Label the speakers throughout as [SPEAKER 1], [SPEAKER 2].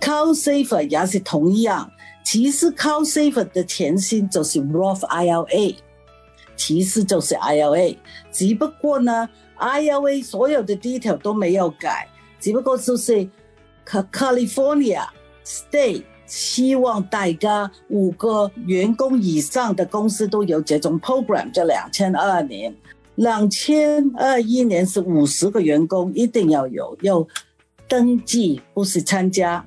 [SPEAKER 1] Calsavers 也是同樣，其實 Calsavers 的前身就是 Roth ILA，其實就是 ILA，只不過呢 ILA 所有的 detail 都沒有改，只不過就是 Cal California State 希望大家五個員工以上的公司都有這種 program。就2千二年、2千二一年是五十個員工一定要有，要登記，不是參加。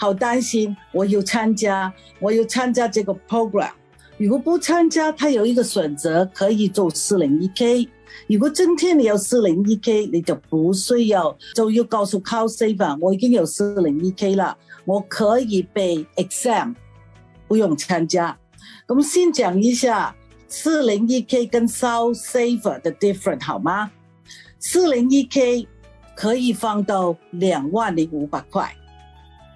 [SPEAKER 1] 好擔心，我有參加，我有參加這個 program。如果不參加，他有一個選擇，可以做 401k。如果今天你有 401k，你就不需要就要告訴 CalSavers，我已經有 401k 了，我可以被 exempt 不用參加。咁先講一下 401k 跟 CalSavers 的 different 好嗎？401k 可以放到兩萬零五百塊。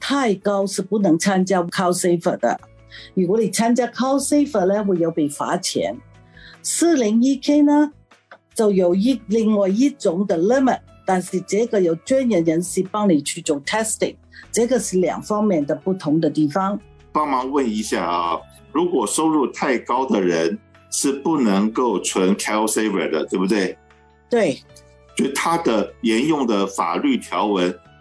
[SPEAKER 1] 太高是不能參加 Calsavers 的，如果你參加 Calsavers 咧，會有被罰錢。401K 呢，就有一另外一種的 limit，但是這個有專業人士幫你去做 testing，這個是兩方面的不同的地方。
[SPEAKER 2] 幫忙問一下啊，如果收入太高的人是不能夠存 Calsavers 的，對不對？對，就他的沿用的法律條文。